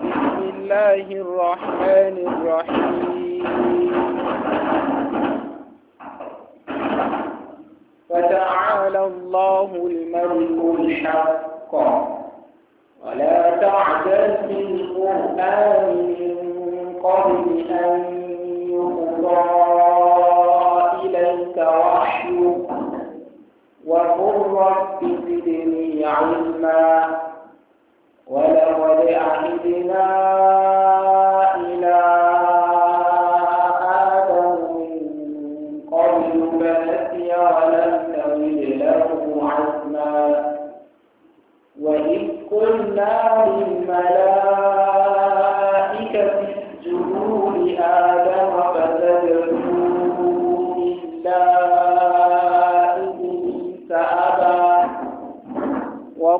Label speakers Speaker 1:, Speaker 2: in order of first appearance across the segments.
Speaker 1: بسم الله الرحمن الرحيم فتعالى الله الملك الحق ولا تعجل بالقرآن من قبل أن يقضى وقل رب زدني علما ولقد عهدنا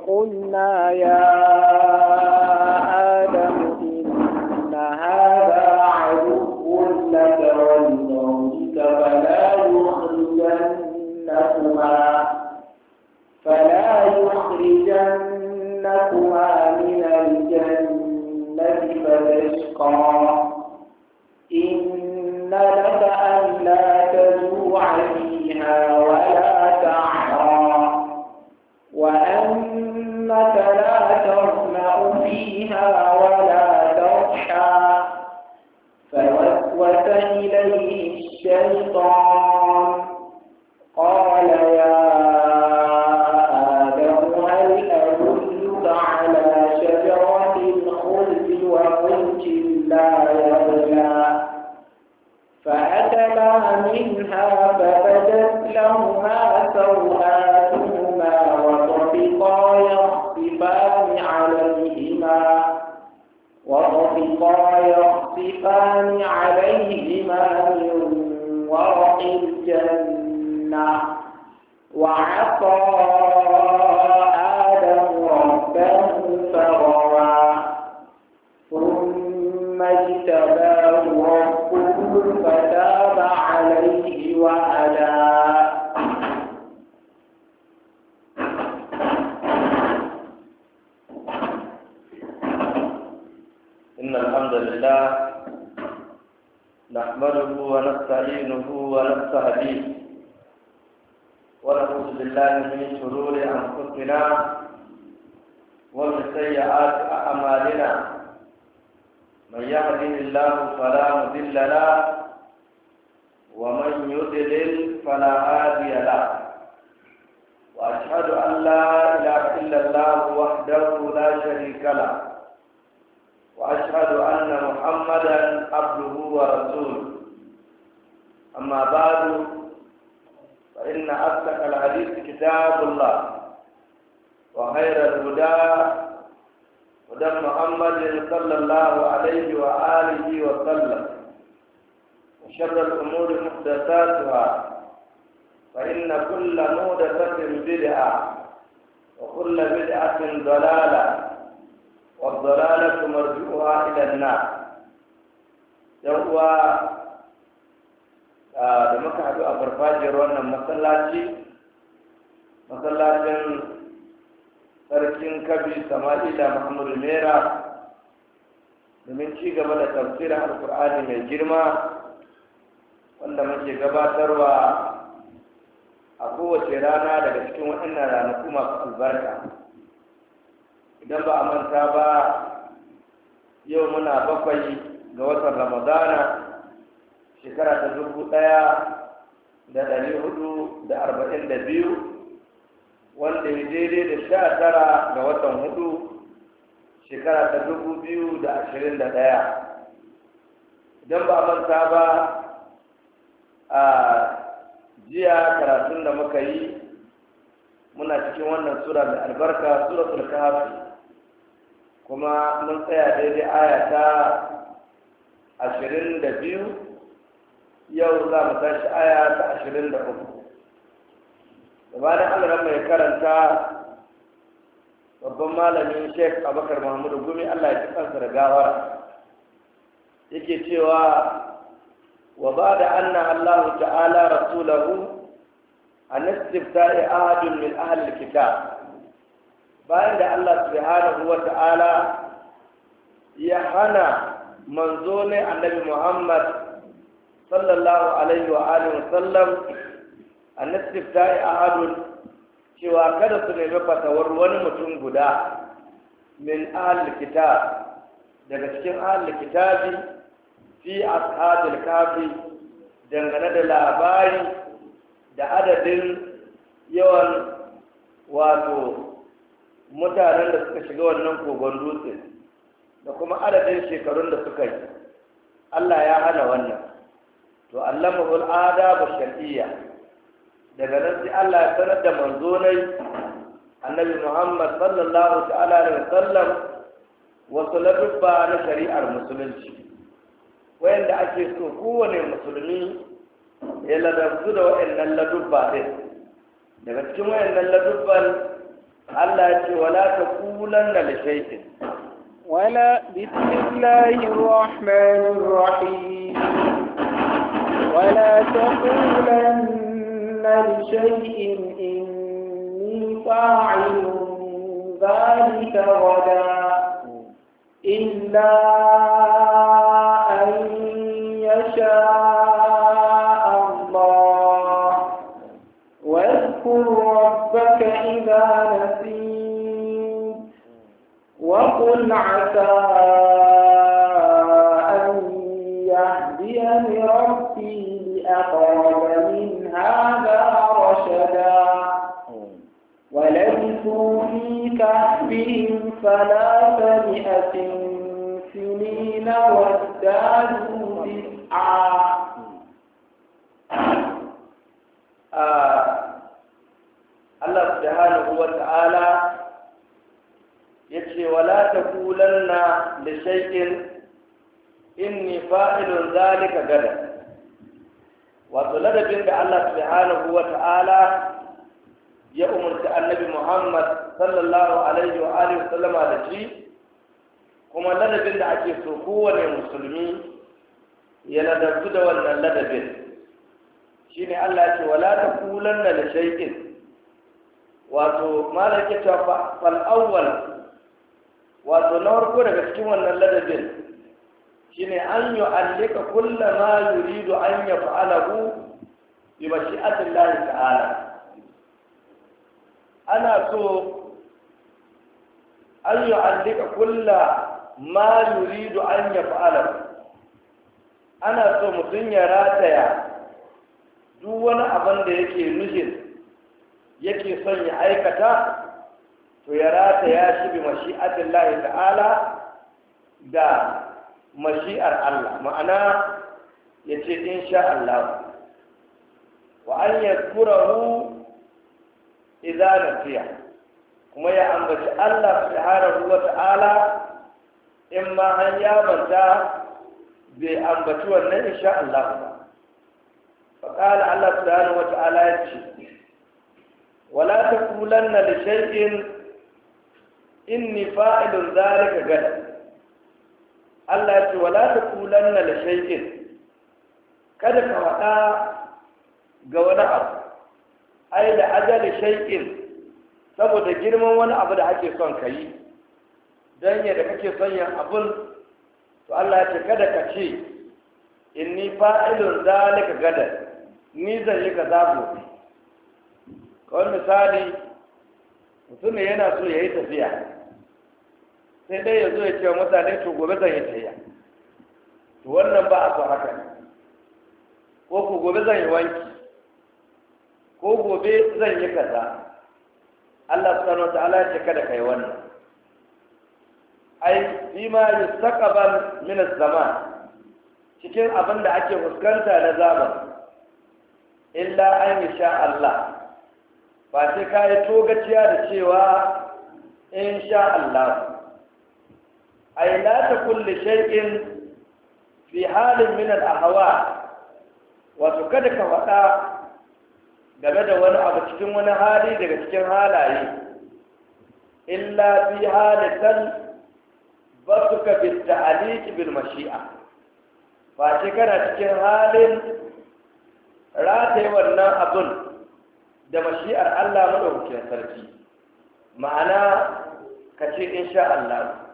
Speaker 1: قلنا يا آدم إن هذا عدو لك ولزوجك فلا يخرجنكما فلا يخرجنكما من الجنة فتشقى إليه الشيطان
Speaker 2: وخير الهدى هدى محمد صلى الله عليه وآله وسلم وشر الأمور محدثاتها فإن كل مودثة بدعة وكل بدعة ضلالة والضلالة مرجوها إلى النار يوم da muka haɗu a farfajiyar wannan masallaci masallacin sarkin kabi samalila muhammadu mera domin ci gaba da tafsirin alkur'ani mai girma wanda muke gabatarwa a kowace rana daga cikin waɗannan ranaku masu albarka idan ba a manta ba yau muna bakwai ga watan ramadana shekara ta dubu ɗaya da ɗari hudu da arba'in da biyu wanda ya daidai da sha tara ga watan hudu shekara ta dubu biyu da ashirin da ɗaya idan ba manta ba a jiya karatun da muka yi muna cikin wannan sura mai albarka suratul hafi, kuma mun tsaya daidai aya ta ashirin da biyu yau za mu tashi aya ta ashirin da uku gabanin allah mai karanta babban malamin sheikh abakar mahmudu gumi allah ya ci kansa da gawara yake cewa wa ba da anna allah ta'ala rasulahu a ya ahadun min ahlil kitab bayan da allah subhanahu wa ta'ala ya hana manzo ne annabi muhammad sallallahu alaihi wa alihi wa sallam a ahadun cewa kada su nemi fatawar wani mutum guda min alikita daga cikin alikita bi fi ashabil kafi dangane da labari da adadin yawan wato mutanen da suka shiga wannan kogon dutse da kuma adadin shekarun da suka yi Allah ya hana wannan to allamahul adab shar'iyya daga nan sai Allah ya sanar da manzo nai annabi Muhammad sallallahu ta'ala alaihi wasallam wasu labubba na shari'ar musulunci wanda ake so kowane musulmi ya ladabtu da wayannan ladubba din daga cikin wayannan ladubban Allah ya ce wala ta taqulanna li shay'in
Speaker 1: ولا بسم الله الرحمن الرحيم ولا تقولن لشيء إني فاعل ذلك غدا إلا أن يشاء الله واذكر ربك إذا نسيت وقل عسى لبثوا في كهفهم ثلاث مئة سنين وازدادوا
Speaker 2: تسعا الله سبحانه وتعالى يتشي ولا تقولن لشيء inni fa'ilun zalika gada wato ladabin da Allah subhanahu wa ta'ala ya umarci annabi muhammad sallallahu alaihi wa alihi sallama da shi kuma ladabin da ake so kowane musulmi ya ladabtu da wannan ladabin shi ne allah ya ce wala ta kulanna da shaikin wato malaka ta fal'awwal wato na farko daga cikin wannan ladabin shi ne an yu'allika kulla ma yuridu an yaf'alahu bi mashi'atin Allah ta'ala ana so an yu'allika kulla ma yuridu an fa'ala ana so mutum ya rataya duk wani abin da yake nufin yake son ya aikata to ya rataya shi bi lahi ta'ala da mashi'ar Allah ma'ana ya ce insha Allah wa an yadkurahu Iza na nasiya kuma ya ambaci Allah subhanahu wa ta'ala in ma an ya manta bai ambaci wannan insha Allah ba fa qala Allah subhanahu wa ta'ala ya ce wala taqulanna li shay'in inni fa'ilun zalika gada Allah ya ce wala taqulanna li shay'in kada ka faɗa ga wani abu ai da ajali shay'in saboda girman wani abu da ake son ka yi don yadda kake son yin abun, to Allah ya ce kada ka ce inni fa'ilun zalika gada ni zan yi kaza kawai misali mutum yana so ya yi tafiya sai dai ya zo ya ce mutane to gobe zan yi tafiya to wannan ba a so haka ko ku gobe zan yi wanki ko gobe zan yi kaza Allah subhanahu wa ta'ala ya cika kada kai wannan ai bima yustaqbal min az-zaman cikin abin da ake fuskanta na zaman illa an sha Allah ba sai ka yi togaciya da cewa in sha Allah ai la ta kulli shay'in fi halin min al-ahwa wato kada ka faɗa game da wani abu cikin wani hali daga cikin halaye illa fi halatan ba su ka fi ta'aliki bil mashi'a ba shi kana cikin halin rataye wannan abun da mashi'ar Allah madaukakin sarki ma'ana ka ce in sha Allah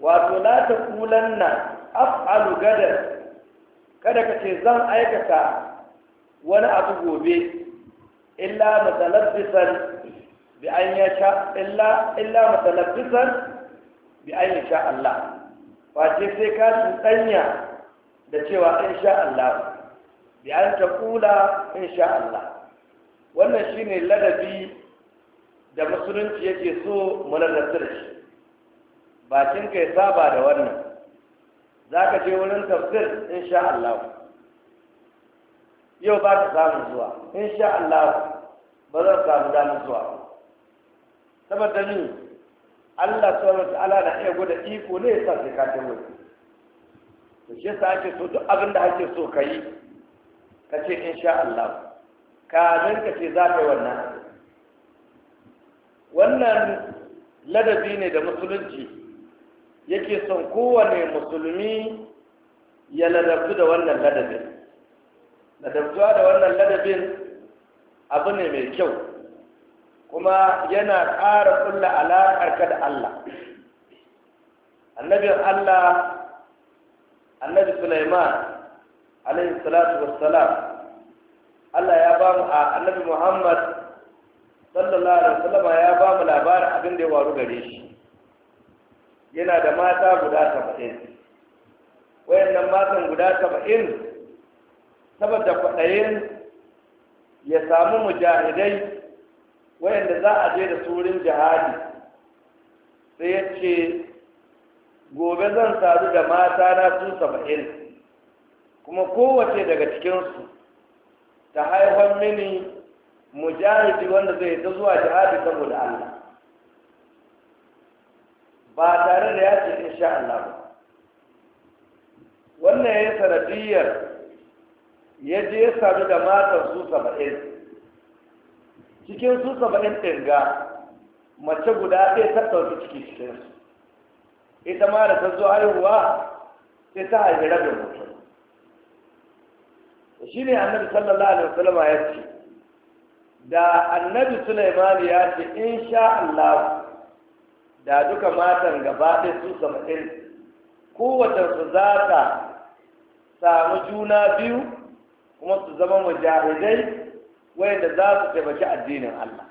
Speaker 2: wato la ta kulanna af'alu gadar kada ka ce zan aikata wani abu gobe illa matalabbisan bi an ya sha illa illa matalabbisan bi an ya sha Allah face sai ka danya da cewa in sha Allah bi an ta kula in sha Allah wannan shine ladabi da musulunci yake so mu ladabta shi bakin kai saba da wannan za ka je wurin tafsir in sha Allah yau ba ta samun zuwa in sha Allah ba zan samu damar zuwa saboda ni Allah subhanahu ta'ala na iya gwada iko ne ya sa sai ka ta wuce to shi yasa ake so duk abin da ake so ka yi ka ce in sha Allah ka nan ka ce za ka wannan wannan ladabi ne da musulunci yake son kowane musulmi ya ladabtu da wannan ladabin ladabtuwa da wannan ladabin abu ne mai kyau kuma yana ƙara kulla alaƙarka da Allah annabin Allah annabi Sulaiman alayhi salatu wassalam Allah ya ba mu a annabi Muhammad sallallahu alaihi wasallam ya ba mu labarin abin da ya waru gare shi yana da mata guda 70 wayannan matan guda 70 saboda kwaɗayin ya samu mujahidai wayanda za a je da surin jihadi sai ya ce gobe zan sadu da mata na su saba'in kuma kowace daga cikinsu ta haifan mini mujahidi wanda zai ta zuwa jihadi saboda Allah ba tare da ya ce insha Allah ba wannan ya sanadiyar ya je ya sadu da matar su saba'in cikin su saba'in ɗin ga mace guda ɗaya ta ɗauki ciki cikin su ita ma da ta zo haihuwa sai ta haifi rabin mutum shi ne annabi sallallahu alaihi wasallam ya ce da annabi Sulaiman ya ce in sha Allah da duka matan gaba ɗaya su saba'in kowace su za ta samu juna biyu kuma su zama mujahidai wayanda za su taimaki addinin Allah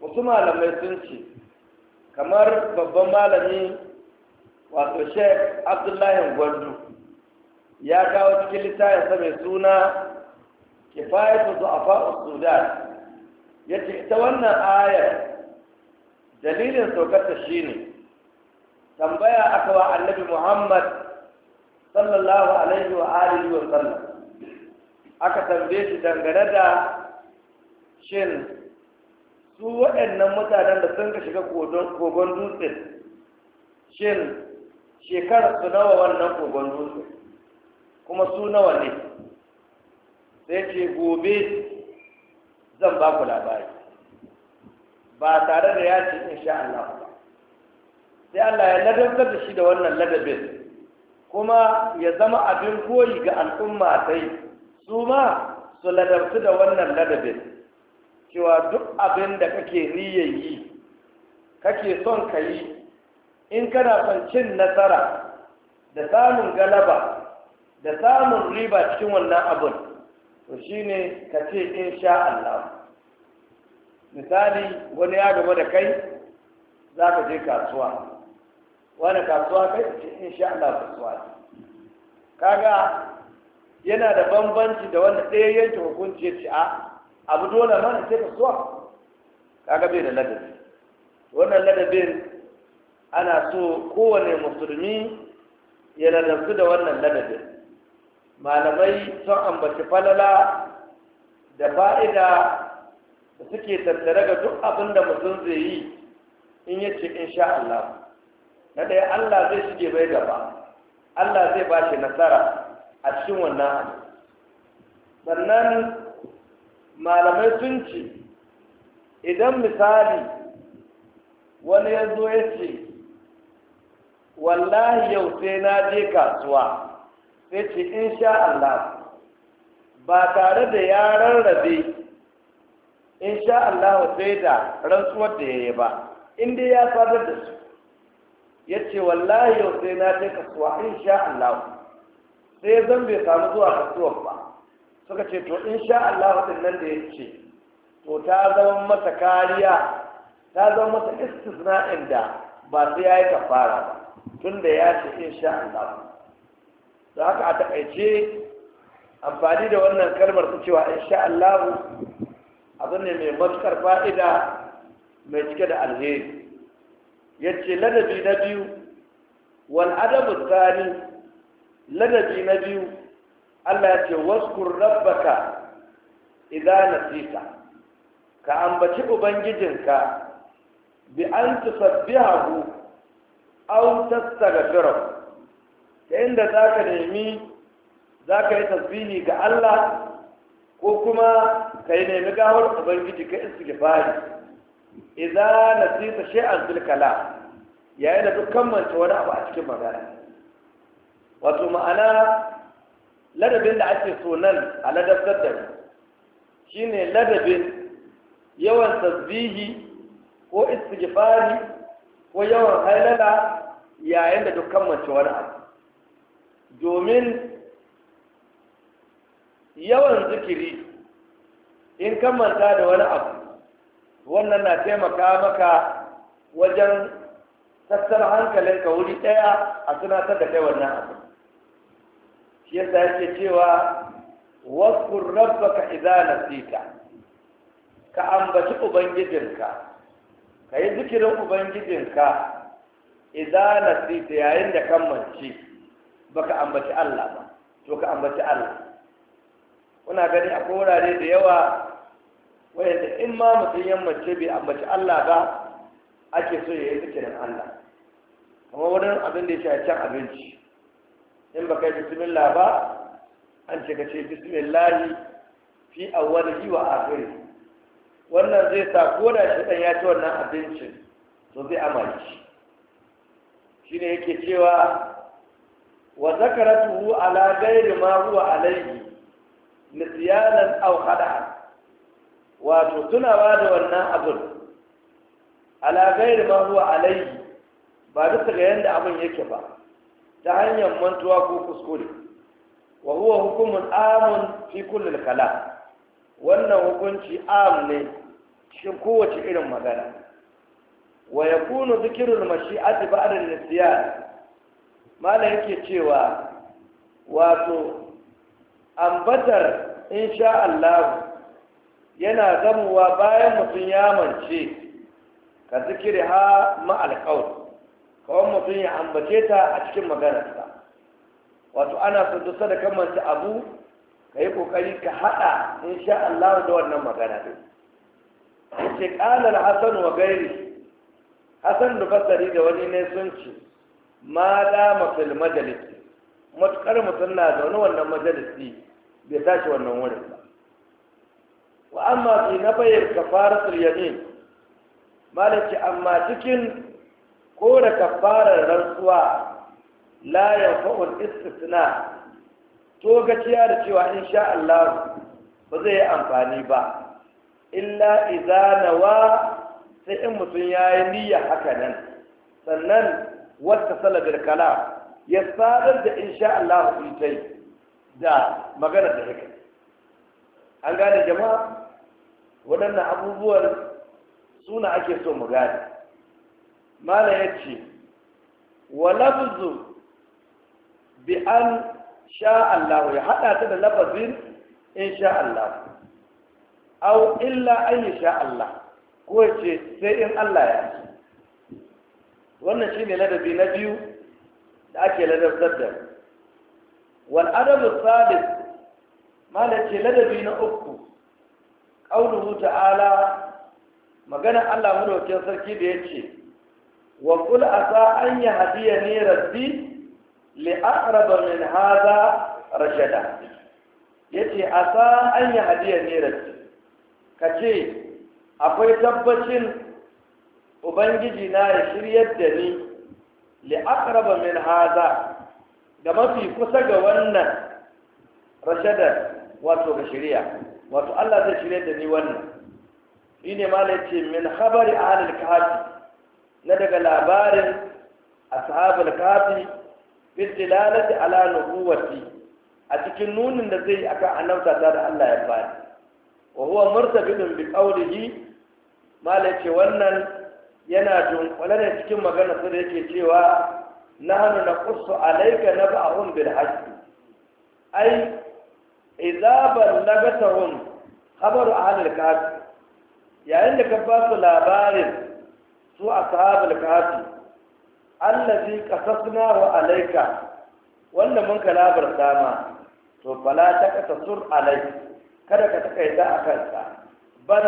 Speaker 2: wasu malamai sun ce kamar babban malami wato sheikh abdullahi gwandu ya kawo cikin sa mai suna kifayatu du'afa sudan yace ita wannan ayar dalilin saukarta shine tambaya aka wa annabi muhammad sallallahu alaihi wa alihi wa sallam aka tambaye shi dangane da shin su waɗannan mutanen da sun ka shiga kogon dutse shin shekarar su nawa wannan kogon dutse kuma su nawa ne sai ce gobe zan ba ku labari ba tare da ya ce sha Allah ba sai Allah ya ladabtar da shi da wannan ladabin kuma ya zama abin koyi ga al'umma sai su ma su ladabtu da wannan ladabin cewa duk abin da kake niyyar yi kake son ka yi in kana son cin nasara da samun galaba da samun riba cikin wannan abin to shine ka ce sha Allah misali wani ya gaba da kai za ka je kasuwa wani kasuwa kai ce sha Allah kasuwa kaga yana da bambanci da wanda ɗaya yanke hukunci ya ce a abu dole mana sai ka suwa kaga bai da ladabi wannan ladabin ana so kowane musulmi ya ladabtu da wannan ladabin malamai sun ambaci falala da fa'ida da suke tattare ga duk abin da mutum zai yi in ya ce sha Allah na ɗaya Allah zai shige bai gaba Allah zai ba shi nasara a cikin wannan hali sannan malamai sun ce idan misali wani ya zo ya ce wallahi yau sai na je kasuwa sai ce in sha Allah ba tare da ya rarrabe in sha Allah sai da rantsuwar da ya yi ba inda ya sadar da su ya ce wallahi yau sai na je kasuwa in sha Allah sai zan bai samu zuwa kasuwar ba suka ce to in sha Allah nan da ya ce to ta zama masa kariya ta zama masa istisna'in da ba sai ya yi kafara ba tun da ya ce in sha Allah da haka a takaice amfani da wannan kalmar su cewa in sha Allah abu ne mai matukar fa'ida mai cike da alheri yace ladabi na biyu wal adabu tsari ladabi na biyu Allah ya ce waskur rabbaka idan nasita ka ambaci ubangijinka bi an tusabbihahu aw tastaghfiruh ta inda za ka nemi za ka yi tasbihi ga Allah ko kuma ka yi nemi gawar ubangiji ka istighfari idan nasita shay'an fil kalam yayin da dukkan mance wani abu a cikin magana wato ma'ana ladabin da ake so nan a ladabtar da shi shine ladabin yawan tasbihi ko istighfari ko yawan hailala yayin da dukkan mace wani abu domin yawan zikiri in ka da wani abu wannan na taimaka maka wajen tattara hankalinka wuri ɗaya a tunatar da kai wannan abu yadda ake yake cewa waskur rabbaka idza nasita ka ambaci ubangijinka ka yi zikirin ubangijinka idza nasita yayin da kan mance baka ambaci Allah ba to ka ambaci Allah kuna gani a korare da yawa da in ma mutum mace bai ambaci Allah ba ake so ya yi zikirin Allah kamar wurin abin da ya shafi abinci in baka kai bismillah ba an ce ka ce "Bismillah, fi awwalihi wa akhiri wannan zai sa ko da shi dan ya ci wannan abincin to zai amali shi shine yake cewa wa zakaratuhu ala ghairi ma huwa alayhi nisyanan aw khada'a wato tunawa da wannan abun ala ghairi ma huwa alayhi ba bisa ga yanda abun yake ba ta hanyar mantuwa ko kuskure wa huwa hukumun amun fi kullul kala, wannan hukunci am ne cikin kowace irin magana wa yakunu zikirul mashi'ati ba'da nisyan mala yake cewa wato ambatar sha Allah yana zamuwa bayan mutum ya mance ka zikiri ha ma'alƙawar kawai mutum ya ambace ta a cikin maganarsa wato ana so da kan abu ka yi ƙoƙari ka haɗa in sha Allah da wannan magana ɗin yace ƙalar Hassan wa gairi Hassan da fasari da wani ne sun ce ma da mafil majalisi matuƙar mutum na zaune wannan majalisi bai tashi wannan wurin ba wa amma fi na bayar kafaratul yamin malaki amma cikin ko da kafarar rantsuwa la yanfa'ul istisna to gaciya da cewa insha Allah ba zai yi amfani ba illa idza nawa sai in mutum ya yi niyya haka nan sannan wata salabil kala ya sadar da insha Allah su da magana da haka an gane jama'a waɗannan abubuwan suna ake so mu gane mala ya ce wa bi an sha Allah ya haɗa ta da labazin in sha Allah au illa an yi sha Allah ko ce sai in Allah ya ce wannan shi ne ladabi na biyu da ake ladabtar da wal adabu salis mala ce ladabi na uku qauluhu ta'ala magana Allah madaukakin sarki da ya ce wa a sa an yahdiya ni rabbi li aqrab min haza rashada Ya ce a sa an yahdiya ni rabbi ce akwai tabbacin ubangiji na ya shiryar da ni li aqrab min haza. ga mafi kusa ga wannan rashada wato ga shirya wato Allah zai shirya da ni wannan shine malai ce min khabari ahlil kafi. na daga labarin ashabul kafi bil dilalati ala nubuwati a cikin nunin da zai aka annabta ta da Allah ya fadi wa huwa murtabidun bi qawlihi malai ce wannan yana dunkule ne cikin magana su yake cewa nahnu naqussu alayka nab'ahum bil hajj ai idza ballagatahum khabaru ahli al kafi, yayin da ka ba labarin su sahabar kafi allazi qasasna wa alaika, wanda mun labar dama to bala ta kasasur alai kada ka takaita a kansa ban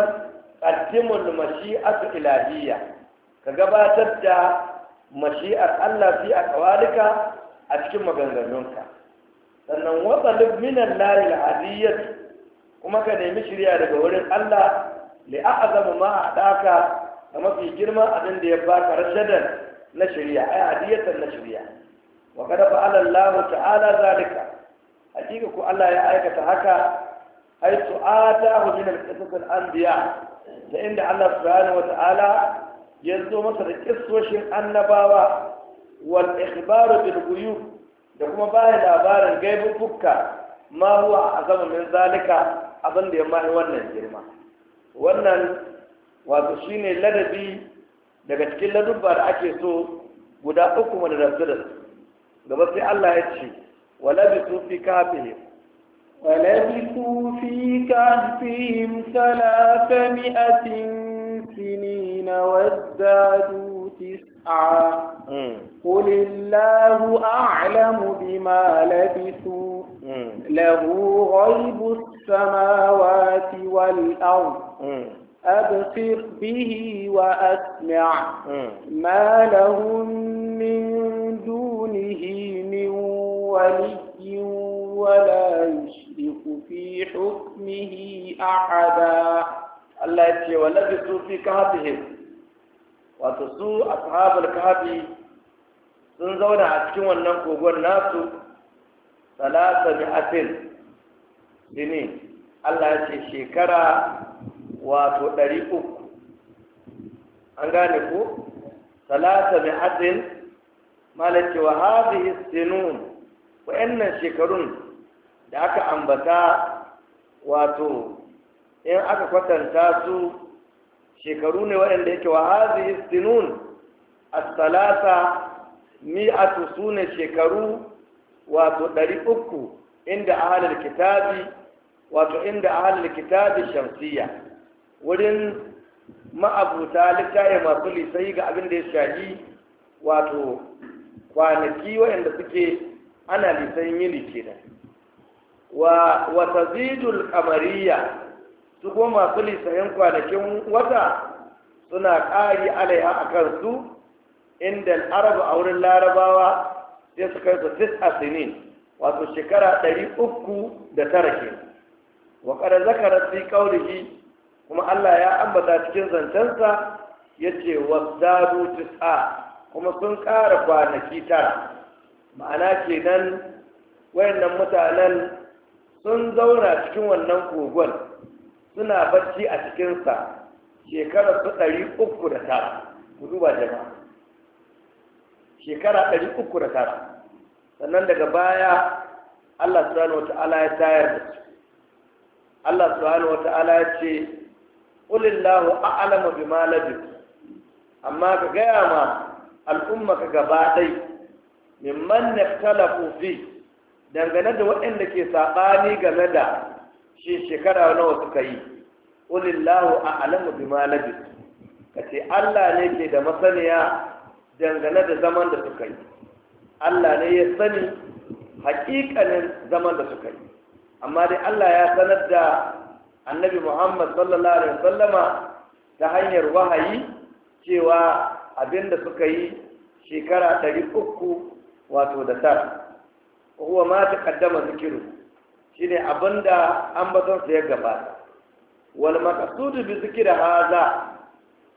Speaker 2: qaddimul mashi'atu ilahiyya ka gabatar da mashi'ar Allah fi a kawalika a cikin maganganunka sannan watsalib minan lahi al'adiyyat kuma ka nemi shirya daga wurin Allah li a'zamu ma daka. a mafi girma abin da ya baka rashadan na shari'a ai hadiyatan na shari'a wa kada fa'ala Allah ta'ala zalika hakika ko Allah ya aikata haka ai tu'atahu min al-qisas anbiya da inda Allah subhanahu wa ta'ala ya zo masa da kissoshin annabawa wal ikhbaru bil ghuyub da kuma bayan labarin gaibin fukka ma huwa azama min zalika abin da ya mai wannan girma wannan wato ne ladabi daga cikin ladubba da ake so guda uku mu da rasulun gaba sai Allah ya ce wala fi sufi kafihim wala bi
Speaker 1: sufi kafihim salata mi'atin sinin wazdadu tis'a قل الله أعلم بما لبثوا له غيب السماوات والأرض أبصر به وأسمع ما لهم من دونه من ولي ولا يشرك في حكمه
Speaker 2: أحدا الله يتي ولبثوا في كهفهم وتسوء أصحاب الكهف sun zauna a cikin ناس ثلاثة nasu talata الله dini شكرا wato ɗari uku an gane ku? talata mai hadin malaki wa hadhihi sinun wa'annan shekarun da aka ambata wato in aka kwatanta su shekaru ne waɗanda yake wa hadhihi sinun as-salasa su sune shekaru wato ɗari uku inda halar kitabi wato inda a halar kitabi shamsiyya wurin ma'abuta littaye masu lisai ga abin da ya shaji wato kwanaki waɗanda suke ana lisan yini ke wa wata zidul kamariya su kuma masu lisayin kwanakin wata suna ƙari alaiha a kansu inda araba a wurin larabawa sai su kai su asinin wato shekara ɗari uku da tara ke wa kada zakara fi kaulihi kuma Allah ya ambata cikin zancensa ya ce wasdadu tis'a kuma sun ƙara kwanaki tara ma'ana ke nan, wayannan mutanen sun zauna cikin wannan kogon suna bacci a cikinsa shekarar su ɗari uku da tara ku duba jama'a shekara ɗari uku da tara sannan daga baya Allah subhanahu wa ta'ala ya tayar da su Allah subhanahu wa ta'ala ya ce kulillahu a'lamu bima labis amma ka gaya ma al'umma ka gaba Min mimman naftalafu fi dangane da waɗanda ke saɓani game da shi shekara nawa suka yi kulillahu a'lamu bima labis ka ce Allah ne ke da masaniya dangane da zaman da suka yi Allah ne ya sani hakikanin zaman da suka yi amma dai Allah ya sanar da annabi muhammad sallallahu alaihi wasallama ta hanyar wahayi cewa abinda suka yi shekara ɗari uku wato da tara kuwa ma ta kaddama zikiru shine abinda ambatonsa ya gabata wal makasudu bi zikri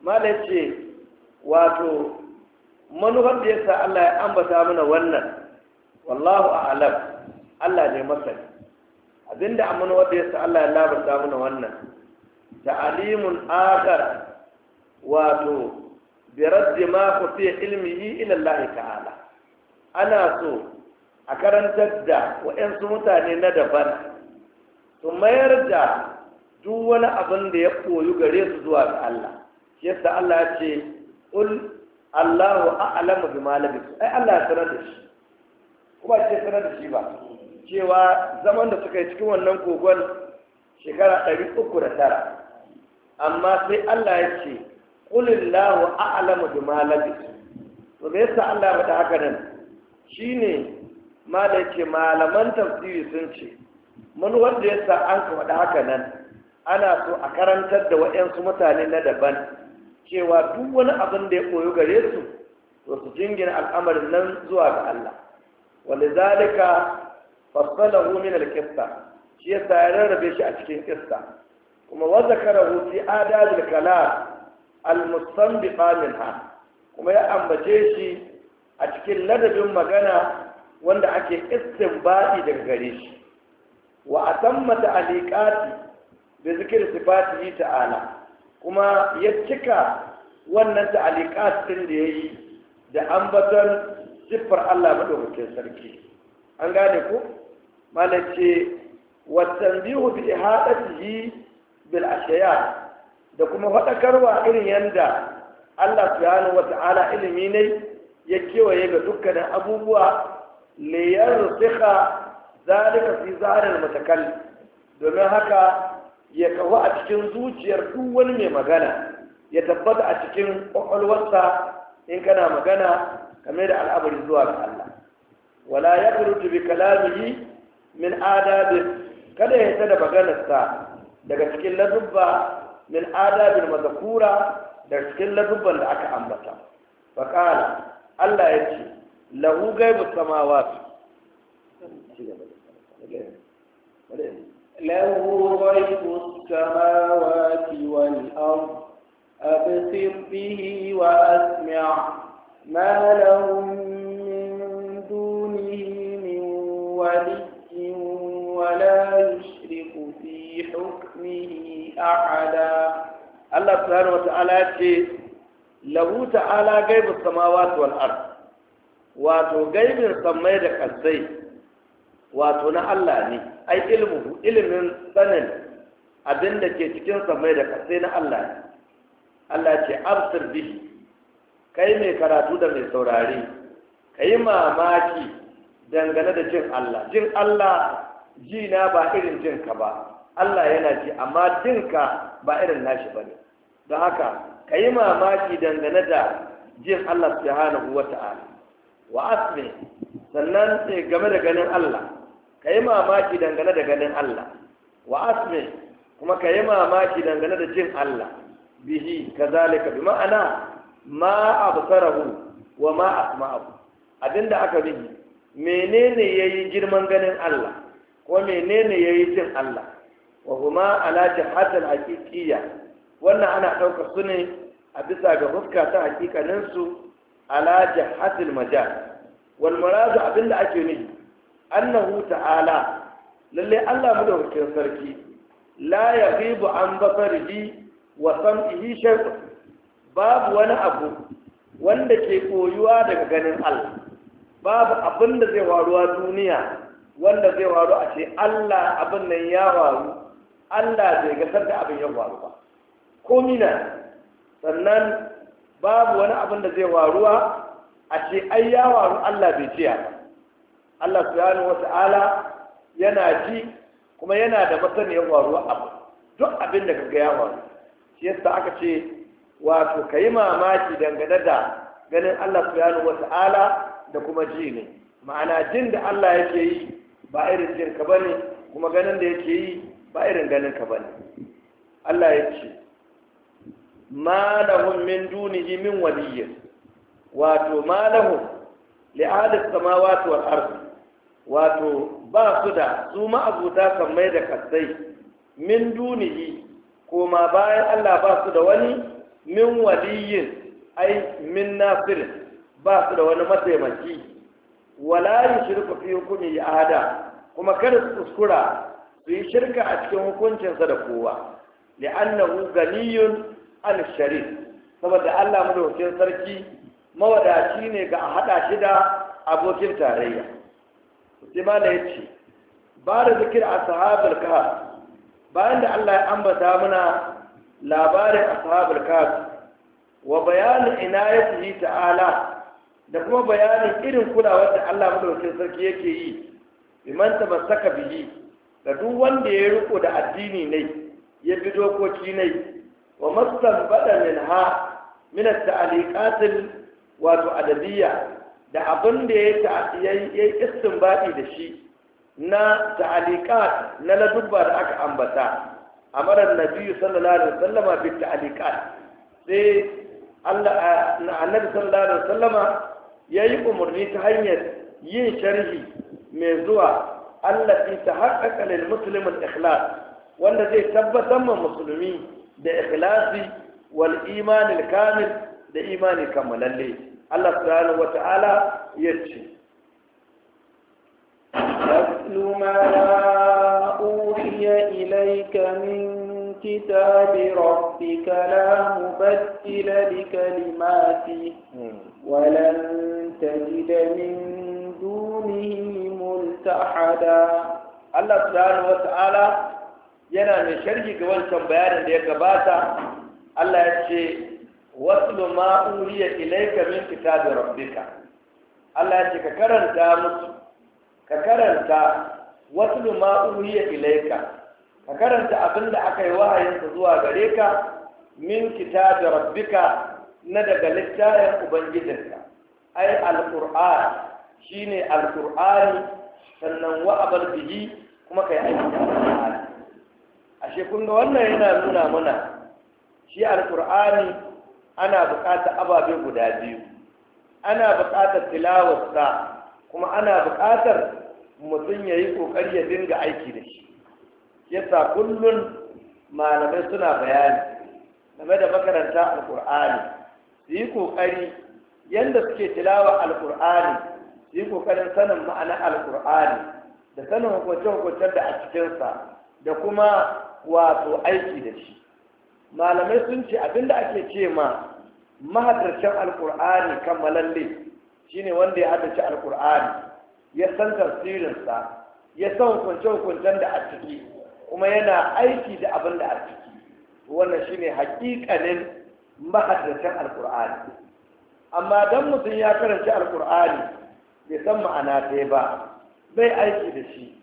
Speaker 2: ma da ce wato manufar da yasa Allah ya ambata mana wannan wallahu a'alam Allah ne masani abinda wadda wanda sa Allah ya labarta mana wannan ta'alimun akhar wato bi raddi ma ku fi ilmi ila Allah ta'ala ana so a karantar da wa'yansu mutane na daban su mayar da duk wani abin da ya koyu gare su zuwa ga Allah yadda Allah ya ce ul Allahu a'lamu bima labisu ai Allah ya sanar da shi kuma ce sanar da shi ba cewa zaman da suka yi cikin wannan kogon shekara ɗari uku da tara amma sai Allah ya ce a a'lamu da labisu to me yasa Allah ya haka nan shine ma da yake malaman tafsiri sun ce mun wanda yasa an ka faɗa haka nan ana so a karantar da waɗansu mutane na daban cewa duk wani abin da ya koyo gare su to su jingina al'amarin nan zuwa ga Allah walizalika fassalahu min al shi ya sa ya rarrabe shi a cikin iska? kuma wa zakarahu fi adab al-kalam al-mustanbiqa minha kuma ya ambace shi a cikin ladabin magana wanda ake baɗi daga gare shi wa atamma ta'liqati bi zikr sifatihi ta'ala kuma ya cika wannan ta'liqat din da yayi da ambatar siffar Allah madaukakin sarki an gane ku malace watan bi ihadatihi bil bilashaya, da kuma faɗakarwa irin yanda Allah subhanahu wata'ala ilimi ne ya kewaye ga dukkanin abubuwa liyar sika zalika fi zarin matakalli domin haka ya kawo a cikin zuciyar duk wani mai magana ya tabbata a cikin ƙwaƙwalwarsa in kana magana game da al'amari zuwa ga Allah wala ya bi kalamihi min adabin kada ya tada maganarsa daga cikin ladubba min adabin mazakura daga cikin ladubban da aka ambata faƙala Allah ya ce lahu gaibu samawati
Speaker 1: له غيب السماوات والأرض أبصر به وأسمع ما لهم من دونه من ولي يشرك في حكمه
Speaker 2: أحدا الله سبحانه وتعالى ce lahu ta'ala gaibu samawati wal ard wato gaibin samai da kasai wato na Allah ne ai ilmin sanin abinda ke cikin samai da kasai na Allah ne Allah ce absir bihi kai mai karatu da mai Ka yi mamaki dangane da jin Allah jin Allah ji na ba irin jinka ba Allah yana ji amma jinka ba irin nashi bane don haka ka yi mamaki dangane da jin Allah subhanahu wa ta'ala wa asmi sannan sai game da ganin Allah ka yi mamaki dangane da ganin Allah wa asmi kuma ka yi mamaki dangane da jin Allah bihi kazalika bi ma'ana ma absarahu wa ma asma'ahu abinda aka bihi menene yayi girman ganin Allah ko menene yayi jin Allah wa huma ala jihatil haqiqiyya wannan ana ɗaukar su ne a bisa ga huska ta hakikanin su ala jihatil majal wal muradu abinda ake nufi annahu ta'ala lalle Allah madaukakin sarki la yaghibu an basarihi wa sam'ihi shay'un babu wani abu wanda ke koyuwa daga ganin Allah babu abinda zai waruwa duniya wanda zai waru a ce Allah abin nan ya waru Allah bai gasar da abin ya waru ba Ko sannan babu wani abin da zai waruwa a ce ai ya waru Allah bai jiya ba Allah subhanahu wata'ala yana ji kuma yana da masaniyar waruwa abu duk abin da kaga ya waru shi yasa aka ce wato kayi mamaki dangane da ganin Allah subhanahu wata'ala da kuma ji ne ma'ana jin da Allah yake yi ba irin jin ka bane kuma ganin da yake yi ba irin ganin ka bane. Allah ya ce ma lahum min dunihi min waliyya wato ma lahum li'adis samawati wal ardi wato ba su da su abuta kan mai da kasai min dunihi ko ma bayan Allah ba su da wani min waliyin ai min nasirin ba su da wani mataimaki wala yi shirku fi hukumi ya ada kuma kada su kuskura su yi shirka a cikin hukuncinsa da kowa li'annahu ganiyun an sharif saboda Allah madaukakin sarki mawadaci ne ga a hada shi da abokin tarayya sai mala yace ba da zikir ashabul kahf bayan da Allah ya ambata muna labarin ashabul kahf wa bayanin ina inayatihi ta'ala da kuma bayanin irin kulawar da Allah madaukakin sarki yake yi liman tamassaka bihi da duk wanda ya riko da addini ne ya bi dokoki ne wa mastanbada bada min ha, min ta'aliqatil wato adabiyya da abin da ya yi istinbadi da shi na ta'aliqat na ladubba da aka ambata a marar sallallahu alaihi wasallama bi ta'aliqat sai Allah annabi sallallahu alaihi wasallama yayi umarni ta hanyar yin sharhi ميزوع التي تحقق للمسلم الإخلاص والذي ثبت المسلمين بإخلاص والإيمان الكامل بإيمان كامل اللي الله سبحانه وتعالى يتشي
Speaker 1: أتل ما أوحي إليك من كتاب ربك لا مبدل لكلماتي ولن تجد من
Speaker 2: Allah subhanahu wa ta'ala yana mai sharhi ga wancan bayanin da ya gabata Allah ya ce waslu ma uriya ilayka min kitabi rabbika Allah ya ce ka karanta musu ka karanta waslu ma uriya ilayka ka karanta abin da aka yi ka zuwa gare ka min kitabi rabbika na daga littafin ubangijinka ai alqur'an shine alqur'ani sannan wa'abar bihi kuma kai yi aiki da alƙur'ani ashe kun ga wannan yana nuna mana shi alƙur'ani ana buƙatar ababe guda biyu ana buƙatar tilawarsa kuma ana buƙatar mutum ya yi ƙoƙari ya dinga aiki da shi yasa kullum malamai suna bayani game da makaranta alƙur'ani su yi ƙoƙari yadda suke tilawa alƙur'ani yi kokarin sanin ma'anar alkur'ani da sanin hukunce-hukuncen da a cikinsa da kuma wato aiki da shi malamai sun ce abinda ake ce ma mahadarcin alkur'ani kammalalle shine wanda ya haddace alkur'ani ya san tafsirinsa ya san hukunce-hukuncen da a ciki kuma yana aiki da abin da a ciki wannan shine hakikanin mahadarcin alkur'ani amma don mutum ya karanci alkur'ani bai san ma'ana ta ba bai aiki da shi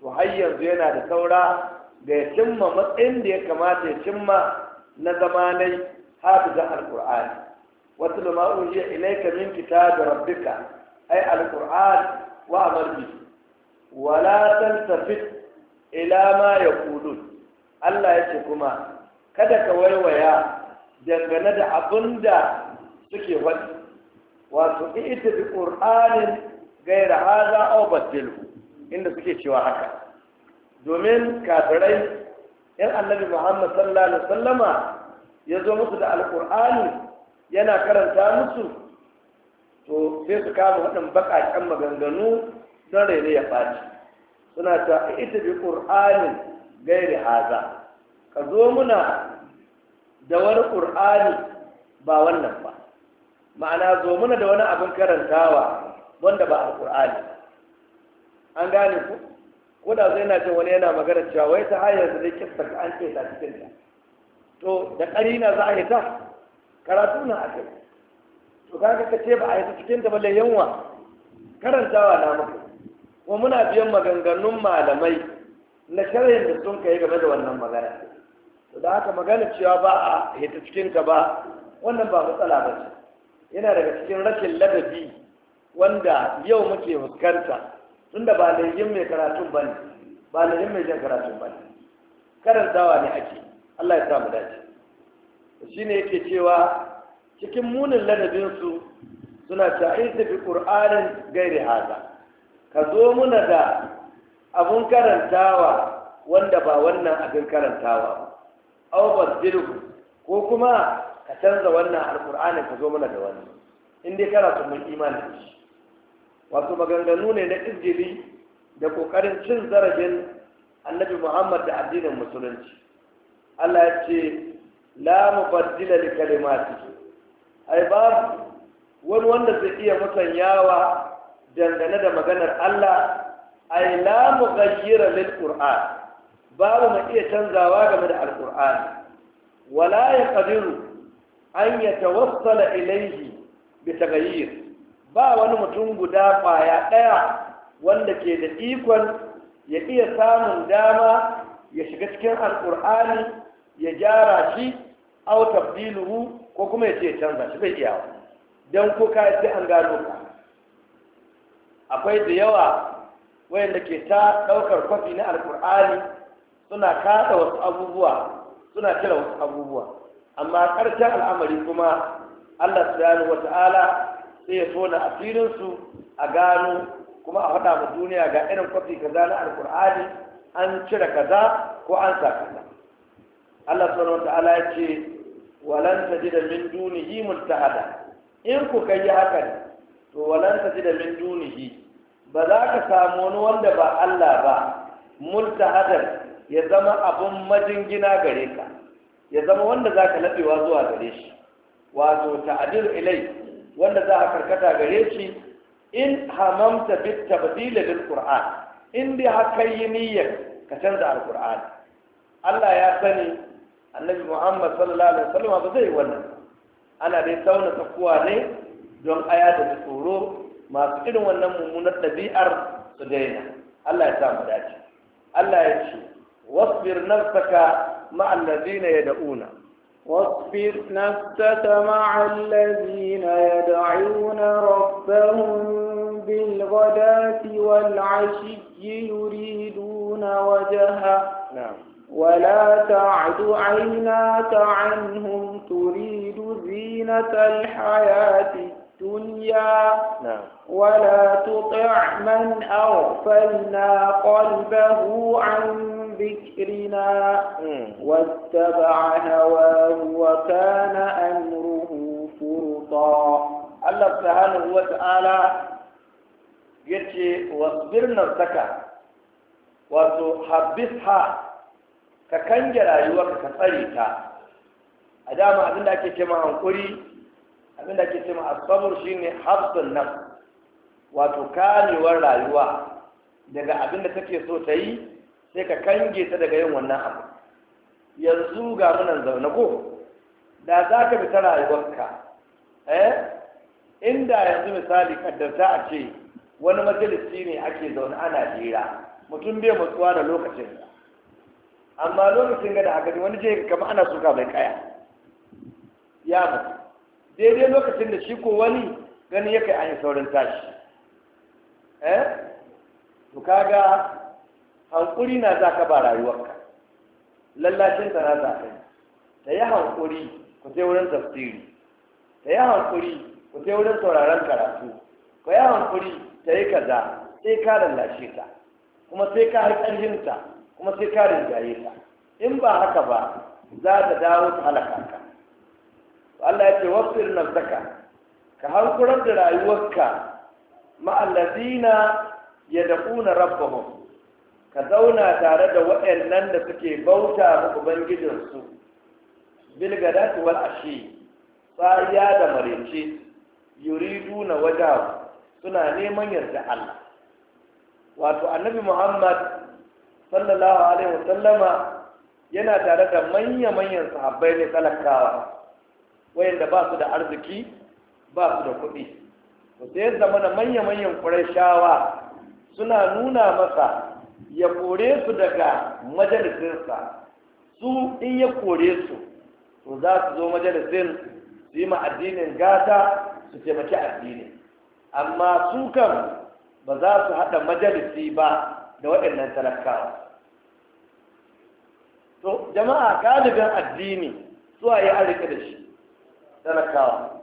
Speaker 2: to har yanzu yana da saura da ya cimma matsayin da ya kamata ya cimma na zamanai zan alkur'ani wasu da ina ilaika min kita da rabbika ai alkur'an wa amal bi wala tafi ila ma ya kudu. Allah ya ce kuma kada ka waiwaya dangane da abin da suke wani wato ita bi ƙur'anin gaira haza aw badilhu inda suke cewa haka domin kafirai yan annabi muhammad sallallahu alaihi wasallama ya zo musu da alkur'ani yana karanta musu to sai su kama waɗin baƙaƙen maganganu don rene ya faci suna ta ita bi ƙur'anin gairi haza ka zo muna da wani ƙur'ani ba wannan ba ma'ana zo muna da wani abin karantawa wanda ba alƙur'ani an gane ku ko da zai na ce wani yana magana cewa wai ta hanyar da zai kifta ka an ce ta cikin ta to da ƙarina za a yi ta karatu na akai to kaga ka ce ba a yi ta cikin ta balle yanwa karantawa na muku kuma muna biyan maganganun malamai na sharhin da sun kai game da wannan magana to da haka magana cewa ba a yi ta cikin ta ba wannan ba matsala ba ce yana daga cikin rashin ladabi wanda yau muke fuskanta tunda ba laifin mai karatun ba ne ba laifin mai jan karatun ba ne karantawa ne ake Allah ya samu dace shi ne yake cewa cikin munin ladabinsu suna ta aisa fi ƙur'anin gairi haza ka zo muna da abun karantawa wanda ba wannan abin karantawa ba aw ko kuma ka canza wannan alqur'ani ka zo muna da wani in dai kana mun imani shi wato maganganu ne na izgili da kokarin cin zarafin annabi muhammad da addinin musulunci allah ya ce la mubaddila da kalimati ai ba wani wanda zai iya musanyawa dangane da maganar allah ai la gajira lil qur'an babu mai iya canzawa game da Alkur'an? wala ya yaqdiru an yatawassala ilayhi bi taghayyir ba wani mutum guda ƙwaya ɗaya wanda ke da ikon ya iya samun dama ya shiga cikin alƙur'ani ya gyara shi au tabdiluhu ko kuma ya ce canza shi bai iya don ko ka sai an gano ka akwai da yawa wayanda ke ta ɗaukar kwafi na alƙur'ani suna kada wasu abubuwa suna cire wasu abubuwa amma ƙarshen al'amari kuma allah subhanahu wa ta'ala sai ya tona asirinsu a gano kuma a faɗa mu duniya ga irin kwafi kaza na alkur'ani an cire kaza ko an sa kaza Allah subhanahu ta'ala ya ce walan tajida min dunihi multahada in ku kai ne, to walan tajida min dunihi ba za ka samu wani wanda ba Allah ba mutahada ya zama abun majingina gare ka ya zama wanda za ka laɓewa zuwa gare shi wato ta'adil ilai wanda za a karkata gare shi in hamamta bit tabdil bil qur'an in dai haka yi niyyar ka canza al alqur'ani Allah ya sani annabi Muhammad sallallahu alaihi wasallam ba zai wannan ana dai tauna takuwa ne don aya da tsoro masu irin wannan mummunar ɗabi'ar su daina Allah ya sa mu dace Allah ya ce wasbir nafsaka ma'al ladina yad'una واصبر
Speaker 1: نفسك مع الذين يدعون ربهم بالغداة والعشي يريدون وجهه نعم ولا تعد عيناك عنهم تريد زينة الحياة الدنيا نعم. ولا تطع من أغفلنا قلبه عن ذكرنا واتبع هواه وكان أمره فرطا الله
Speaker 2: سبحانه وتعالى yace wasbir nafsaka wato habisha ka kange rayuwarka ka tsare ta a dama abin da ake ce ma hankuri abin da ake ce ma asabur shine habsun nan wato kanewar rayuwa daga abin da take so ta yi sai ka kange ta daga yin wannan abu yanzu ga munan zaune ko da za ka bi ta rayuwarka eh inda yanzu misali kaddarta a ce wani majalisi ne ake zaune ana jira mutum bai matsuwa da lokacin amma lokacin ga da haka wani je kama ana suka mai kaya ya mutu daidai lokacin da shi ko wani gani ya kai an yi saurin tashi eh to kaga hankuri na za ka ba rayuwarka lallashin ka na za ka yi ta yi hankuri ku sai wurin tafsiri ta yi hankuri ku sai wurin sauraron karatu ku yi hankuri ta yi kaza sai ka lallashe ta kuma sai ka haƙarhin ta kuma sai ka rinjaye ta in ba haka ba za ta dawo ta halaka ka Allah ya ce irin nafsaka ka hankurar da rayuwarka ma'allazina ya daƙuna rabbahum ka zauna tare da waɗannan da suke bauta ma ubangijinsu bilgadati wal ashi tsariya da marece yuridu na waja suna neman yarda Allah wato annabi Muhammad sallallahu alaihi wasallama yana tare da manya-manyan sahabbai ne talakawa wayanda ba su da arziki ba su da kuɗi to sai zama manya-manyan ƙurashawa suna nuna masa ya kore su daga majalisinsa su in ya kore su to za su zo majalisin su yi ma addinin gata su taimaki addini amma su kan ba za su haɗa majalisi ba da waɗannan talakawa to jama'a galibin addini suwa ya arziki da shi talakawa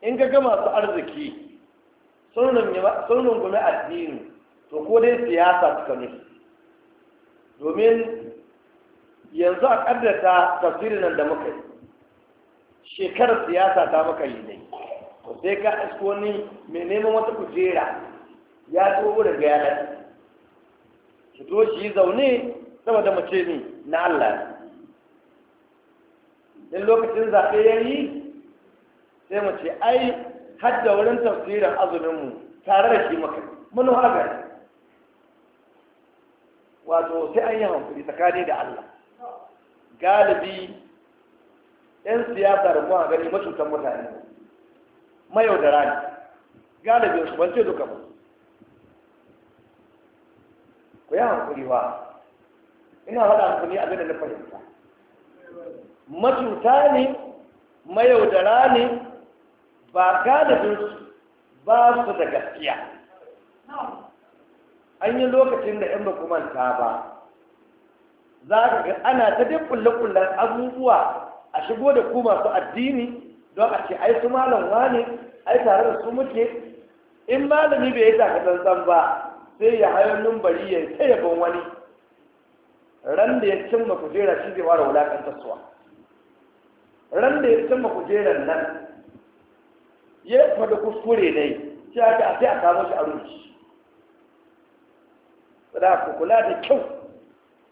Speaker 2: in ga gama su arziki sun rungumi addini to ko dai siyasa suka nufi domin yanzu a ƙaddata tafsirin nan da muka yi shekarar siyasa ta muka yi ne sai ka asko ni mai neman wata kujera ya zo wurin ga yanar ki to shi zaune saboda ce ni na Allah in lokacin zaɓe ya yi sai mu ce ai hadda wurin tafsirin azuminmu tare da shi maka mun hagar wato sai an yi hankuri tsakani da Allah galibi 'yan siyasa da kuma gani matutan mutane mayaudara ne galibin su ban ce duka ba ku yi hankuri ba ina hada hankuri abin da na fahimta matuta ne mayaudara ne ba galibin su ba su da gaskiya an yi lokacin da yan manta ba za ka ga ana ta duk kulle-kullen abubuwa a shigo da ku masu addini don a ce ai su malam wane ai tare da su muke in malami bai yi tsantsan ba sai ya hayo numbari ya ta yabon wani ran da ya cimma kujera shi zai wara wulakantar suwa ran da ya cimma kujerar nan ya fada kuskure ne sai a sai a kamo shi a rubuci da ku kula da kyau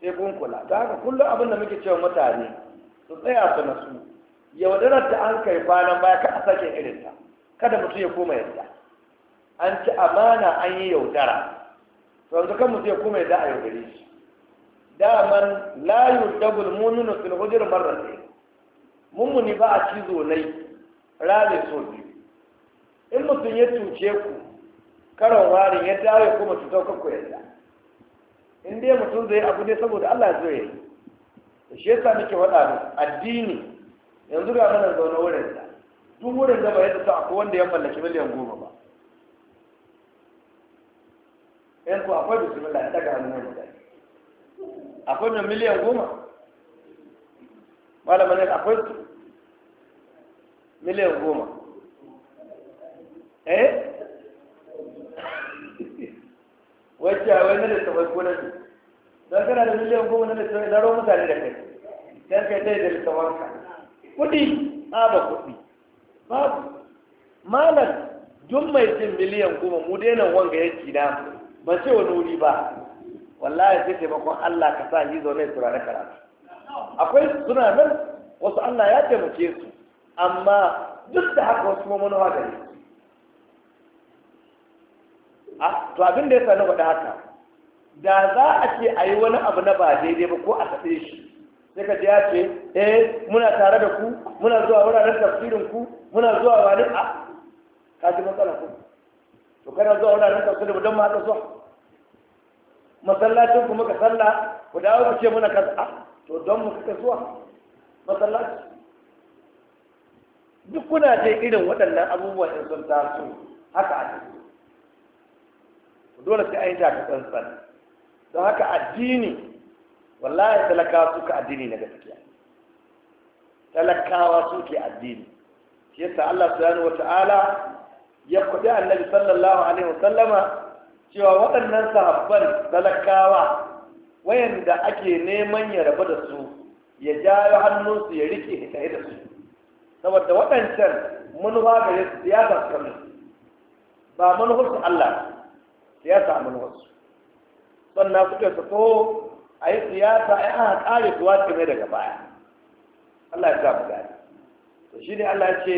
Speaker 2: sai kun kula ta haka kullum abin da muke cewa mutane su tsaya su nasu yaudarar da an kai kwanan baya ka a sake irinta kada mutum ya koma yadda an ci amana an yi yaudara to yanzu kan mutum ya koma yadda a yaudare shi daman la yudabul mununu fil hujur ne mummuni ba a cizo nai rale so biyu in mutum ya tuce ku karon warin ya dawo ya koma cutar ku yadda in dai mutum zai abu ne saboda Allah zai yi da shi yasa nake faɗa mu addini yanzu ga mana zaune wurin da duk wurin da ba yadda sa akwai wanda ya mallaki miliyan goma ba yan ku akwai bismillah ta ga hannun da akwai mai miliyan goma malamin ne akwai miliyan goma eh wacce a wani da tabai ko na su don kana da miliyan goma na da tabai zaro mutane da kai sai kai sai da littafanka kuɗi a ba kuɗi babu malam duk mai cin miliyan goma mu daina wanga ya ci na ba ce wani wuri ba wallahi sai taimakon Allah ka sa yi zaune turare karatu akwai suna nan wasu Allah ya taimake su amma duk da haka wasu mamanowa gare su to abin da ya sa na faɗi haka da za a ce a yi wani abu na ba daidai ba ko a katse shi sai ka ya ce eh muna tare da ku muna zuwa wuraren tafsirin ku muna zuwa wani a ka ji matsala ku to kana zuwa wuraren tafsirin don mu haka zuwa masallacin ku muka sallah ku dawo ku ce muna a, to don mu kuka zuwa masallaci duk kuna je irin waɗannan abubuwan in sun taso haka a ciki dole sai ai yi taka tsantsan don haka addini wallahi talakawa suka addini na gaskiya talakawa suke addini shi yasa Allah subhanahu wata'ala ya kudi annabi sallallahu alaihi wa sallama, cewa waɗannan sahabban talakawa wayanda ake neman ya rabu da su ya jayo hannunsu ya rike ta da su saboda waɗancan manufa ga siyasa su kamar ba manufarsu Allah siyasa a manuwarsu sannan suka su ko a yi siyasa ya aka kare su wace mai daga baya Allah ya sa mu gani to shi ne Allah ya ce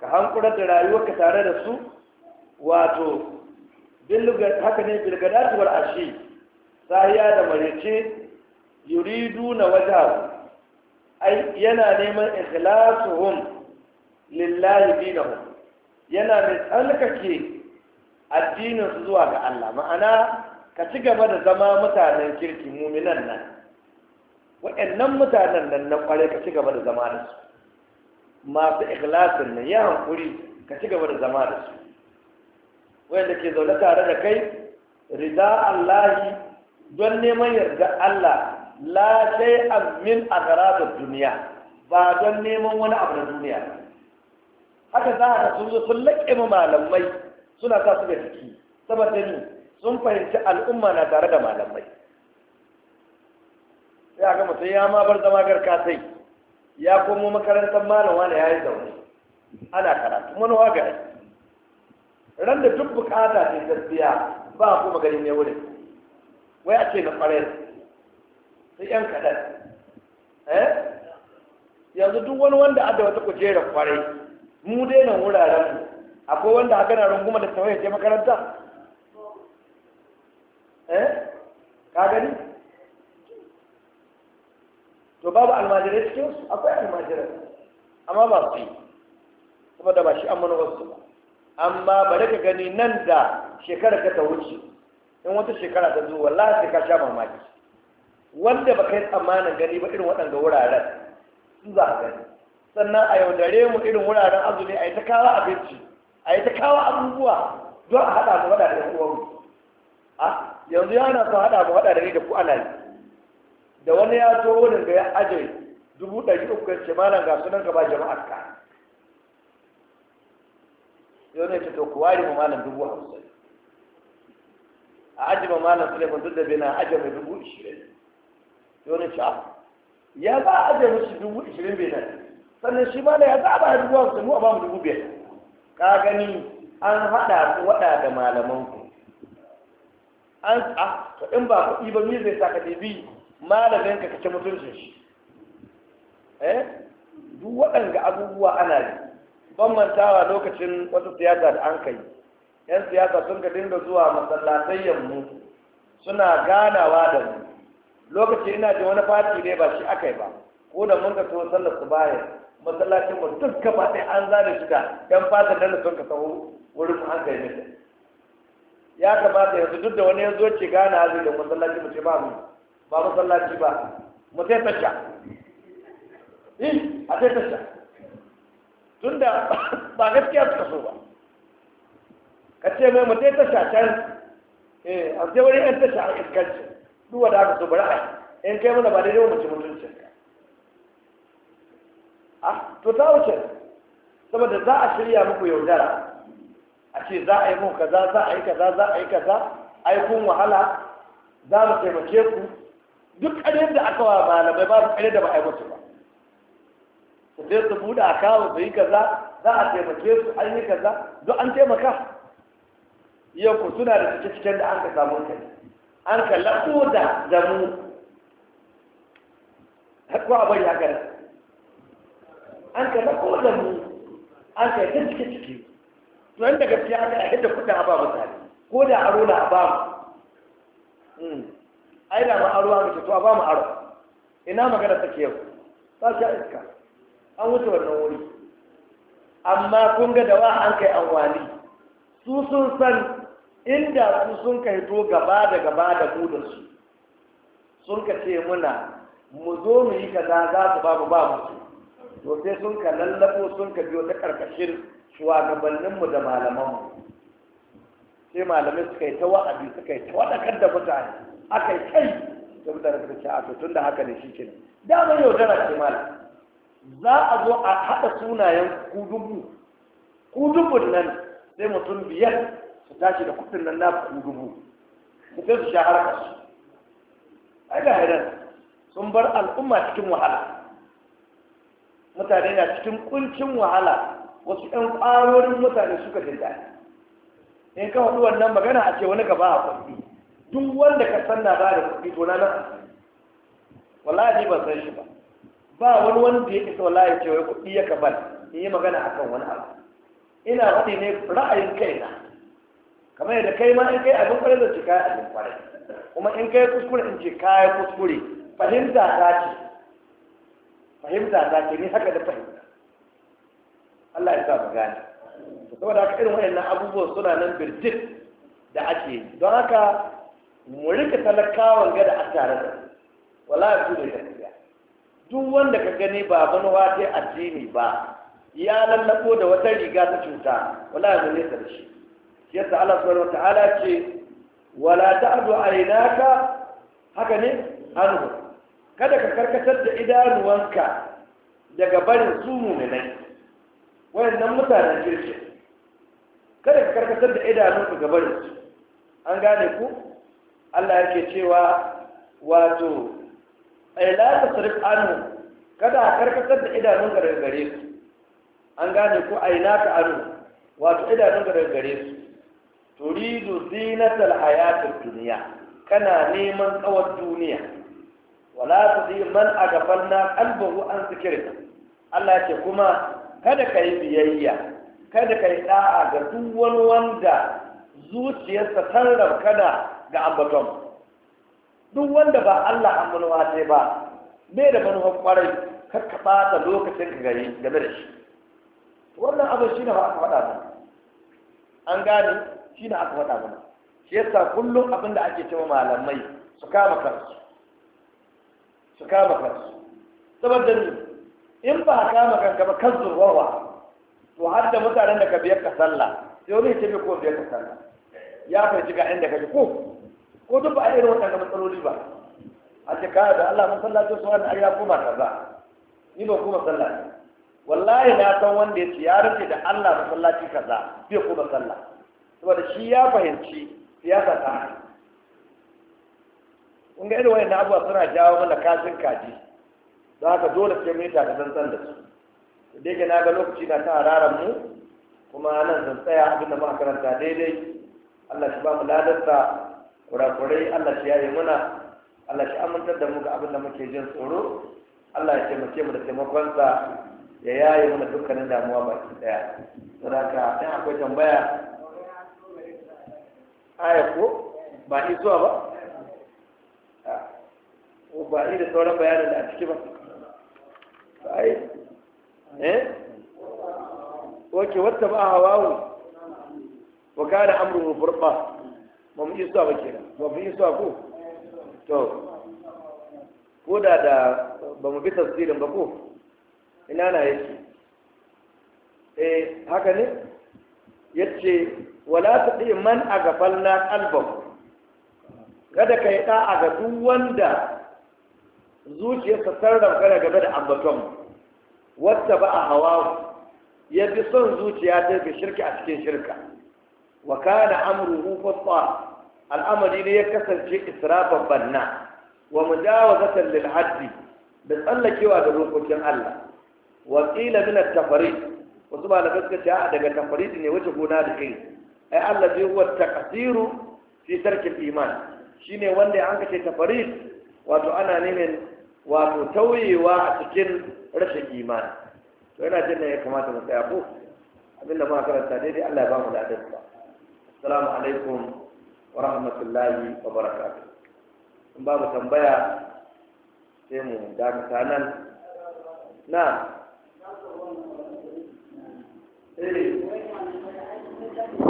Speaker 2: ka hankura da ka tare da su wato haka ne bilgadatuwar ashi sahiya da marice yuridu na wajahu ai yana neman ikhlasuhum lillahi dinahum yana mai tsalkake addinin su zuwa ga Allah ma'ana ka ci gaba da zama mutanen kirki muminan nan waɗannan mutanen nan na kware ka ci gaba da zama da su masu ikhlasin nan ya hankuri ka ci gaba da zama da su wanda ke zaune tare da kai rida Allahi don neman yarda Allah la sai min agarabin duniya ba don neman wani abu na duniya haka za a sun sun laƙe malamai suna sa su da jiki saboda ni sun fahimci al'umma na tare da malamai ya ga mutum ya ma bar zama garka sai ya komo makarantar malam wani ya yi zaune ana karatu Manowa ga ran da duk bukata ce gaskiya ba a kuma gani ne wurin wai a ce na kwarai sai yan kaɗan eh yanzu duk wani wanda adda wata kujerar kwarai mu dai nan wuraren akwai wanda haka na runguma da tsawai je makaranta eh ka gani to babu almajirai cikin su akwai almajirai amma ba su yi saboda ba shi amma wasu ba amma bari ka gani nan da shekara ka ta wuce in wata shekara ta zuwa, lafi ka sha mamaki wanda ba kai tsammanin gani ba irin waɗanda wuraren su za a gani sannan a yaudare mu irin wuraren azumi a yi ta kawo abinci a yi ta kawo abubuwa don a haɗa ga haɗa da yan a yanzu yana son haɗa mu haɗa da ni da ku ana yi da wani ya zo wani ga ya ajiye dubu ɗari uku kan kimanin ga sunan gaba jama'ar ka yau ne ta to ku ware mu malam dubu hamsin a aji ma malam suleiman duk da bai na aje mai dubu ishirin yau ne ta ya za a aje musu dubu ishirin bai sannan shi malam ya za a ba dubu hamsin mu a ba mu dubu biyar ka gani an haɗa ku waɗa da malamanku an a in ba kuɗi ba me zai sa ka malamin ka kace mutuncin shi eh duk waɗanga abubuwa ana yi ban mantawa lokacin wata siyasa da an kai yan siyasa sun ga dinga zuwa masallatai mu suna ganawa da mu lokaci ina ji wani fati ne ba shi akai ba ko da mun ka to sallar su bayan masallacin mu duk gaba ɗaya an zane shi da yan fata da nan ka sahu wurin an ne ya kamata yanzu duk da wani ya zo ce gane hazin da masallaci mu ce ba mu ba masallaci ba mu sai tasha eh a sai tasha tunda ba gaskiya suka so ba ka ce mai mu ta tasha can eh a sai wani yan tasha a iskanci duk da aka so bari a in kai mana ba daidai mu ci mutuncin ka ah to ta wuce saboda za a shirya muku yaudara a ce za a yi mun kaza za a yi kaza za a yi kaza yi kun wahala za mu taimake ku duk ƙaryar da aka wa malamai ba su ƙaryar da ba a yi musu ba su je su buɗe a kawo su yi kaza za a taimake su an yi kaza duk an taimaka yau ku suna da cike cikin da an ka samu kai an ka ko da mu ko abin ya gani. an ka nako da mu an ka ta cike cike to an da gaskiya aka a hidda kudin a ba mutane ko da aro na a ba mu hmm. ai da ma aro ga to a ba mu aro ina magana take yau ba sha iska an wuce wannan wuri amma kun ga da wa an kai anwani su sun san inda su sun kai to gaba da gaba da mu da su sun ka ce muna mu zo mu yi kaza za su ba mu ba mu to sai sun ka lallafo sun ka biyo ta karkashin shugabanninmu da malamanmu sai malamai suka yi ta wa'azi suka yi ta waɗakar da mutane aka yi kai da mutane suka ce a to tun da haka ne shi kenan damar yaudara ce malam za a zo a haɗa sunayen kudubu kudubun nan sai mutum biyar su tashi da kudin nan na kudubu su sai su sha harkar su ai ga sun bar al'umma cikin wahala mutane na cikin kuncin wahala wasu ɗan ƙwarorin mutane suka jin daɗi in ka haɗu wannan magana a ce wani gaba a kwafi duk wanda ka san na ba da kuɗi to na nan wallahi ban san shi ba ba wani wanda ya isa wallahi ce wai kuɗi ya kabar in yi magana a kan wani abu ina haɗi ne ra'ayin kaina kamar yadda kai ma in kai abin kwarai da ce kayan abin kwarai kuma in kai kuskure in ce kayan kuskure fahimta ta ce fahimta ta ke ni haka da fahimta Allah ya sa mu gane saboda haka irin wayannan abubuwan suna nan birjit da ake don haka mu rika talakawan ga da a da wala su da gaskiya duk wanda ka gani ba banuwa ta addini ba ya lallako da wata riga ta cuta wala ya zane da shi yadda Allah subhanahu ta'ala ce wala ta'du alaynaka haka ne anhu kada ka karkatar da idanuwanka daga barin su muminai wayannan mutanen kirki kada ka karkatar da idanunka ga barin su an gane ku Allah yake cewa wato ay la tasrif anhu kada ka karkatar da idanunka daga gare su an gane ku ay la ta anhu wato idanunka daga gare su turidu zinatal hayatid dunya kana neman tsawon duniya wala tuti man na qalbahu an zikrina Allah ce kuma kada ka yi biyayya kada ka yi da'a ga duk wani wanda zuciyarsa tarar kada ga ambaton duk wanda ba Allah amulwa ce ba bai da manufar kwarai ka ɓata lokacin ka gari game da shi wannan abin shi ne ba aka faɗa mana an gane shi ne aka faɗa mana shi yasa kullum abin da ake cewa malamai su kama kansu su kama kansu saboda in ba a kama kanka ba kan zurwawa to har da mutanen da ka biyar ka sallah sai wani ya ce ko biyar ka sallah ya fahimci ga inda ka ji ko ko duk ba a irin waɗanda matsaloli ba a ce ka da Allah masallacin su wanda ya kuma kaza ni ban kuma sallah wallahi na san wanda ya ce ya rufe da Allah masallaci kaza bai kuma sallah saboda shi ya fahimci siyasa ta kun ga irin na abuwa suna jawo mana kashin kaji don haka dole ce mun ta tsantsan da su da yake na ga lokaci na ta hararan mu kuma nan zan tsaya abin da karanta daidai Allah shi ba mu ladarsa kurakurai Allah shi yayi muna Allah shi amintar da mu ga abin da muke jin tsoro Allah ya taimake mu da taimakonsa ya yayi mana dukkanin damuwa baki daya saboda dan akwai tambaya aya ko ba zuwa ba ba a yi da sauran bayanin da a ciki ba ba a yi eh Ok, wata ba a ba wa da amurin furqa ba mu isuwa ba ke ba mu isuwa ko to ko da da ba mu bi tafsirin ba ko ina na yake eh haka ne yace wala tadi man aghfalna albam. kada ka yi ɗa'a ga duk wanda zuciyarsa ta raukana game da ambaton wata ba a hawa ya fi son zuciya ta fi shirka a cikin shirka wa kana amruhu fasta al'amari ne ya kasance israfan banna wa mu mujawazatan zatar haddi da tsallakewa da rukokin Allah wa qila mina tafari wasu ba da gaskiya daga tafari ne wace gona da kai ai Allah zai huwa takasiru fi tarkin iman Shi ne wanda an kace tafarid wato ana nemin wato tauyewa a cikin rashin imani to yana jin da ya kamata mu tsaya ko abinda muka karanta dai Allah ya ba mu ladan sa assalamu alaikum wa rahmatullahi wa barakatuh in babu tambaya sai mu dakata nan na
Speaker 1: eh